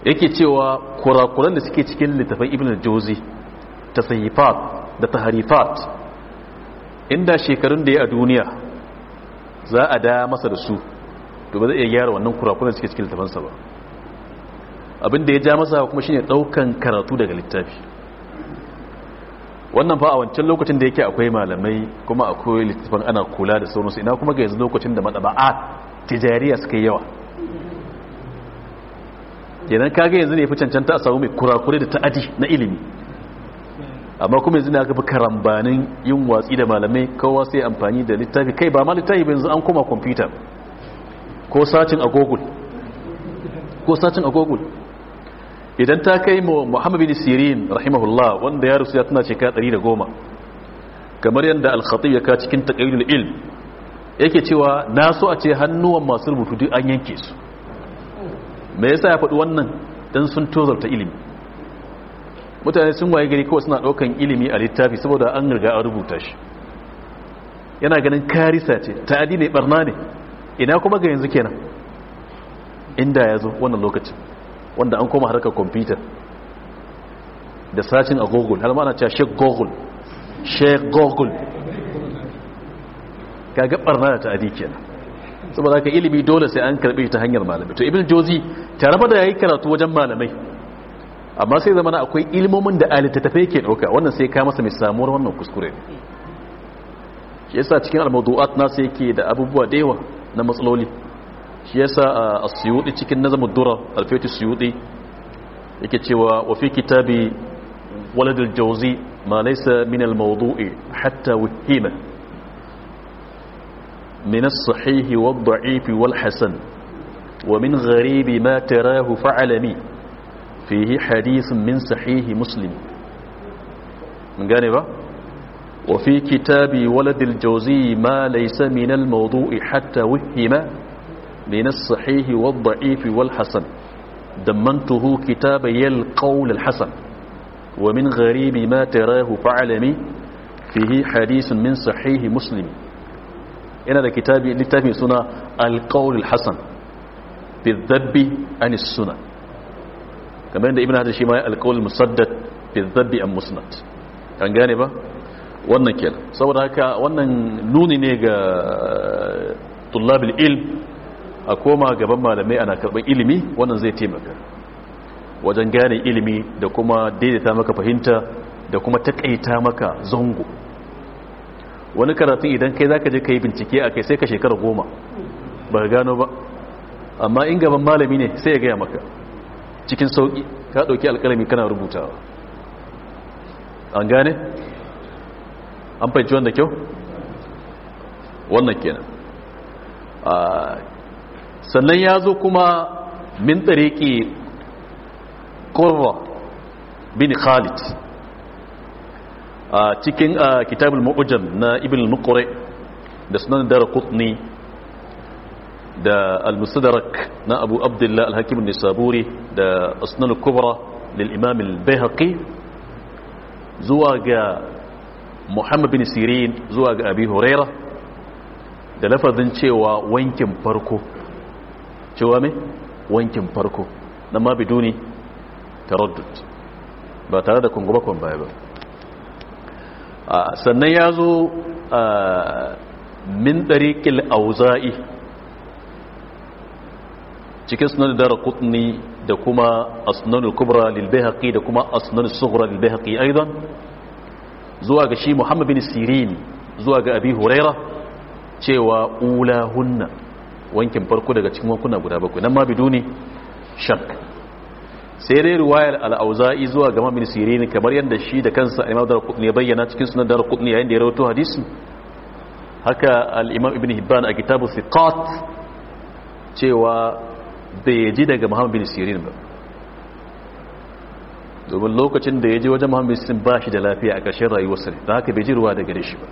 yake cewa kurakuran da suke cikin littafin ibn jozi ta sahifat da ta harifat inda shekarun da ya a duniya za a da masa da su to ba zai iya gyara wannan kurakuran da suke cikin littafansa ba abin da ya ja masa kuma shine daukan karatu daga littafi wannan fa a wancan lokacin da yake akwai malamai kuma akwai littafin ana kula da sauransu ina kuma ga yanzu lokacin da madaba'a tijariya suka yi yawa kenan kaga yanzu ne fi cancanta a samu mai kurakure da ta'adi na ilimi amma kuma yanzu ne aka fi karambanin yin watsi da malamai kowa sai amfani da littafi kai ba ma littafi yanzu an koma kwamfuta ko sacin a a google idan ta kai mu muhammad bin sirin rahimahullah wanda ya rusu ya tana da goma kamar yadda al ya ka cikin taqayyul il yake cewa na so a ce hannuwan masu rubutu duk an yanke su me yasa ya faɗi wannan don sun tozarta ilimi mutane sun waye gari kawai suna ɗaukan ilimi a littafi saboda an riga a rubuta shi yana ganin karisa ce adi ne barna ne ina kuma ga yanzu kenan inda ya zo wannan lokacin wanda an koma harkar kwamfuta da sacin a google har ma ana cewa sheik google sheik google ka ga barna na ta'adi kenan saboda ka ilimi dole sai an karbe ta hanyar malamai to ibn jozi tare fa da yayi karatu wajen malamai amma sai zamana akwai ilimomin da alittattafai ke dauka wannan sai ka masa mai samuwar wannan kuskure ne shi yasa cikin na sai yake da abubuwa da yawa na matsaloli shi yasa a suyudi cikin nazamu dura alfiyatu suyudi yake cewa wa fi kitabi walad al-jawzi ma laysa min al-mawdu'i hatta wahima min as-sahih wad-da'if wal-hasan wa min gharib ma tarahu fa'alami fihi hadith min sahih muslim mun gane ba wa وفي كتاب ولد الجوزي ما ليس من الموضوع hatta wahima من الصحيح والضعيف والحسن دمنته كتاب يلقول الحسن ومن غريب ما تراه فعلمي فيه حديث من صحيح مسلم إن هذا كتاب لتفهم سنة القول الحسن بالذب عن السنة كما عند ابن هذا الشيء القول المسدد بالذب عن مسند كان جانبا وانا كلا saboda هكا وانا نوني نيجا طلاب العلم a koma gaban malamai ana karɓar ilimi wannan zai taimaka wajen gane ilimi da kuma daidaita maka fahimta da kuma takaita maka zango wani karatu idan kai za ka je ka yi bincike a kai sai ka shekara goma ba gano ba amma in gaban malami ne sai ya gaya maka cikin sauƙi ka ɗauki alƙalami kana rubutawa an gane an fahimci wanda kyau wannan kenan ah, sannan ya zo kuma min tsariki ƙorwa bin khalid a cikin kitabul ma'ujan na ibn al-muqri da sunan dara kutni da al-musadarak na abu abdullah al-hakim nisaburi da asnan kubra lil imam al zuwa ga muhammad bin sirin zuwa ga abi huraira da lafazin cewa wankin farko cewa mai wankin farko na ma biduni taraddud ba tare da kwan baya ba sannan ya zo min ɗariƙil auza'i cikin sunan dara kutni da kuma asnanul kubra lilbehaki da kuma asnanul sughra lilbehaki aidan zuwa ga shi muhammad bin sirin zuwa ga abi huraira cewa ula hunna wankin farko daga cikin wankuna guda bakwai nan ma biduni shak sai dai ruwayar al'auza'i zuwa ga min sirini kamar yadda shi da kansa imam dar kudni ya bayyana cikin sunan dar kudni yayin da ya rawato hadisi haka al-imam ibn hibban a kitabu thiqat cewa bai ji daga muhammad bin sirin ba domin lokacin da ya ji wajen muhammad bin sirin ba shi da lafiya a ƙarshen rayuwarsa ne da haka bai ji ruwa daga shi ba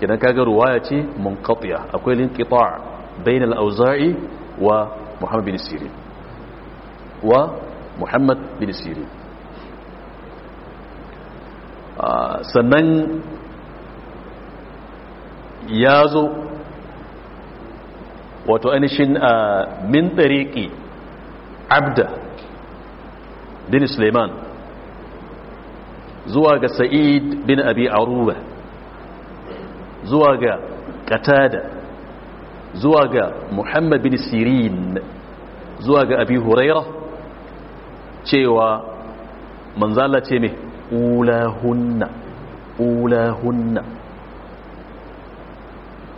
idan kaga ruwaya ce munqatiya akwai linqita' بين الأوزاعي ومحمد بن سيرين ومحمد بن sannan ya zo wato ainihin min tsariƙi abda bin suleiman zuwa ga sa'id bin abi aruba zuwa ga katada zuwa ga muhammad bin sirin zuwa ga abi huraira cewa manzala ce ne ulahunna ulahunna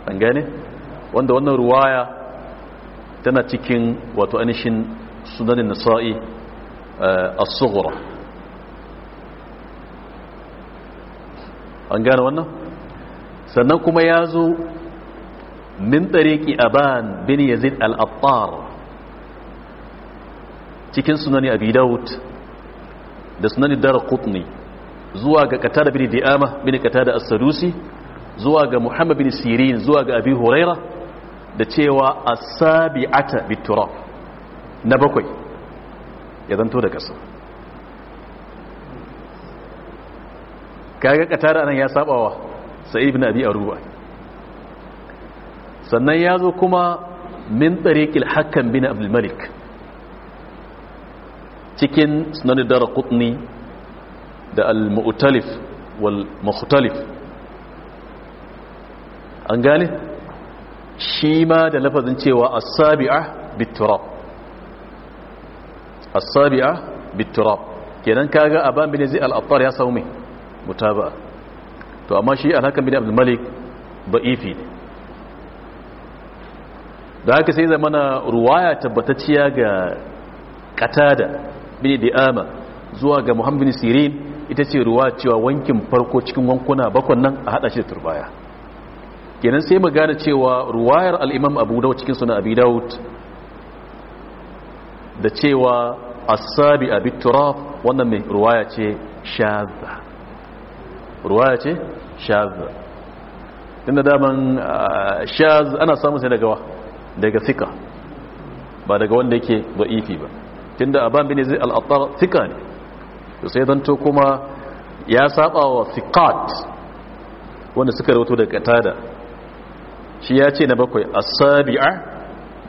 an gane wanda wannan ruwaya tana cikin wato anishin sunanin nasa'i eh, a tsohura an gane wannan sannan kuma ya zo min tariki aban bin yazid al-attar cikin sunani abi daud da sunani dara kutni zuwa ga katada bin di'ama bin katada as-sadusi zuwa ga muhammad bin sirin zuwa ga abi huraira da cewa as-sabi'ata bitura na bakwai ya zanto da kasa kaga katada anan ya sabawa sa'id ibn abi aruba sannan ya zo kuma min tsariƙil hakan bin abdulmalik cikin sunan dara kutni da al-mu'talif wal-mukhtalif an gane shi ma da lafazin cewa as-sabi'a bit-turab as-sabi'a bit kenan kaga a bin zai al-attar ya saumi mutaba. to amma shi al-hakan bin abdulmalik da'ifi ne da haka sai na ruwaya tabbatacciya ga katada bin di'ama zuwa ga Muhammadu bin sirin ita ce ruwa cewa wankin farko cikin wankuna bakon nan a hada shi da turbaya kenan sai mu gane cewa ruwayar al’imam abu dawud cikin suna abu dawud da cewa asabi abu turaf wannan mai ruwaya ce shaza. ruwaya ce shaza tunda daman ah, shaz ana samun sai daga wa daga sika ba daga wanda yake da'ifi ba tunda aban bin zai al-attar sika ne to sai zanto kuma ya saba wa siqat wanda suka rawato daga katada shi ya ce na bakwai as-sabi'a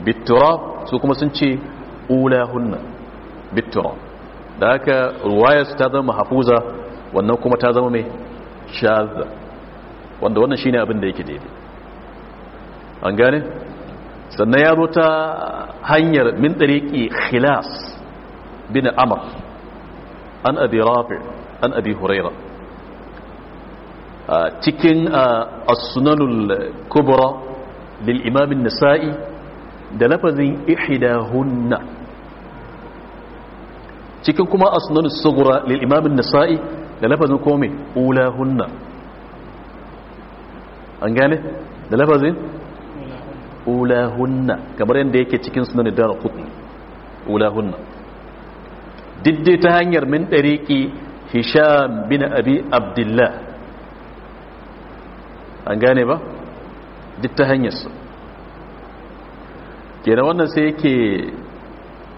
bit-turab su kuma sun ce ulahunna bit-turab da haka ruwaya ta zama hafuza wannan kuma ta zama mai Shaza wanda wannan shine abin da yake daidai an gane sannan ya ta hanyar min ɗariƙi khilas bin amr an abi rafi an abi huraira ah, cikin ah, as-sunanul kubra lil imam an-nasa'i da lafazin ihdahunna cikin kuma as-sunanus sughra lil imam an-nasa'i da lafazin kome ulahunna an gane da lafazin ulahunna kamar yadda yake cikin sunan dara kuɗi ulahunna diddai ta hanyar min ɗariƙi hisham bin abi abdullah an gane ba duk ta hanyarsa kenan wannan sai yake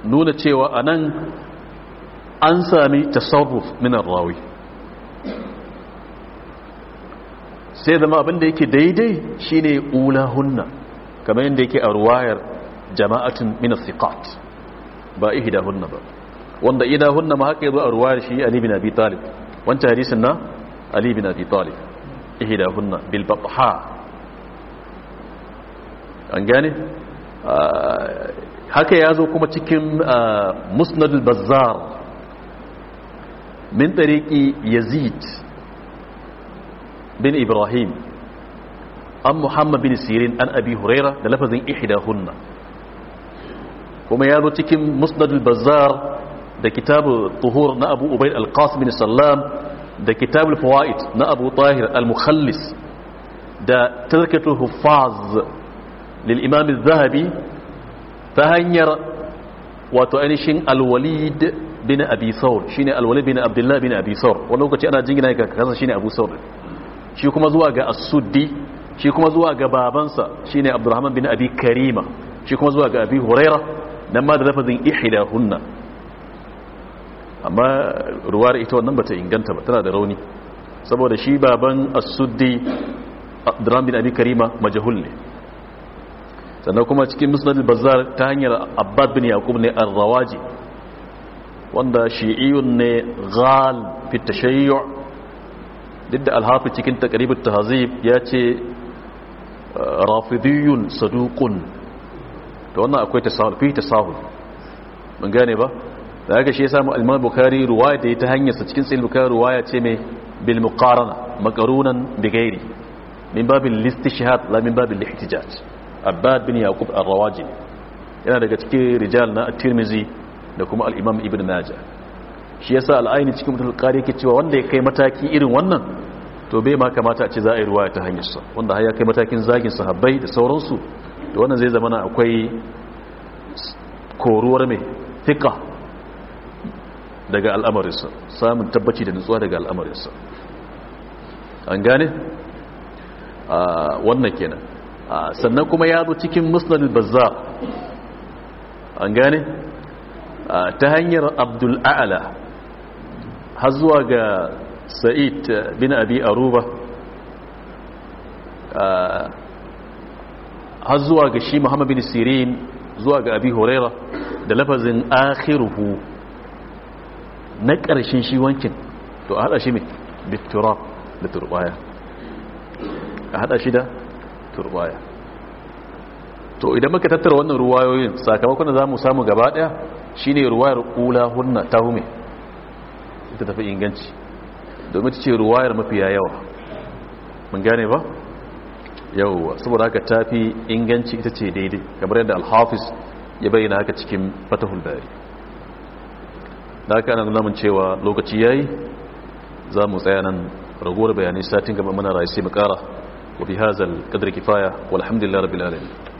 nuna cewa a nan an sami tasarruf minar rawi sai zama abinda yake daidai shine ulahunna kamar yadda yake a ruwayar jama'atin min thiqat ba ihdahunna ba wanda idahunna ma haka yazo a ruwayar shi Ali bin Abi Talib wancan hadisin na Ali bin Abi Talib ihdahunna bil batha an gane ah, haka yazo kuma cikin ah, musnad al-bazzar min tariqi yazid bin ibrahim an muhammad bin sirin an abi huraira da lafazin hunna kuma ya zo cikin musnadul bazar da kitabu tuhur na abu ubaid al bin sallam da kitabul fawaid na abu tahir al da tarkatul huffaz lil imam az-zahabi ta hanyar wato ainihin Alwalid bin abi shine Alwalid bin abdullah bin abi thawr wannan lokaci ana jingina ga kansa shine abu thawr shi kuma zuwa ga as-suddi shi kuma zuwa ga babansa shine abdurrahman bin abi karima shi kuma zuwa ga abi huraira nan ma da lafazin hunna. amma ruwar ita wannan bata inganta ba tana da rauni saboda shi baban as-suddi abdurrahman bin abi karima majhul ne sannan kuma cikin musnad al-bazzar ta hanyar abbad bin yaqub ne ar-rawaji wanda shi'iyun ne ghal fi tashayyu' duk da alhafi cikin takaribin tahazib ya ce rafidiyun saduqun to wannan akwai fi tasahul mun gane ba da shi ya samu al bukari Bukhari ruwaya da ta hanyar sa cikin sahih bukari ruwaya ce mai bil muqarana maqarunan bi ghairi min listi shahad la min babil ihtijaj Abbad bin Yaqub ar-Rawajin yana daga cikin rijal na at da kuma al-Imam Ibn naja shi yasa al-Aini cikin mutul qari yake cewa wanda ya kai mataki irin wannan to bai ma kamata a ce za a yi ruwa ta hanyarsa wanda har ya kai matakin zagin sahabbai da sauransu to wannan zai zama na akwai koruwar mai fika daga al'amarinsa samun tabbaci da nutsuwa daga al'amarinsa an gane wannan kenan sannan kuma ya zo cikin musnad bazza an gane ta hanyar abdul a'ala har zuwa ga sa'id bin abi aruba har zuwa ga shi muhammad bin sirin zuwa ga abi huraira da lafazin akhiruhu na ƙarshen shi wankin to a haɗa shi mai bittura da turbaya a haɗa shi da turbaya to idan muka tattara wannan ruwayoyin sakamakon da za mu samu gaba ɗaya shi ne ruwayar ƙula hunna ta hume ita tafi inganci domin ta ce ruwayar mafiya yawa mun gane ba yawwa saboda haka tafi inganci ita ce daidai kamar yadda alhafis ya bayyana haka cikin fatahul bari da haka ana namun cewa lokaci yayi za mu tsaya nan ragowar bayanai satin gaba muna rayu sai mu kara wa bi hazal kifaya walhamdulillahi rabbil alamin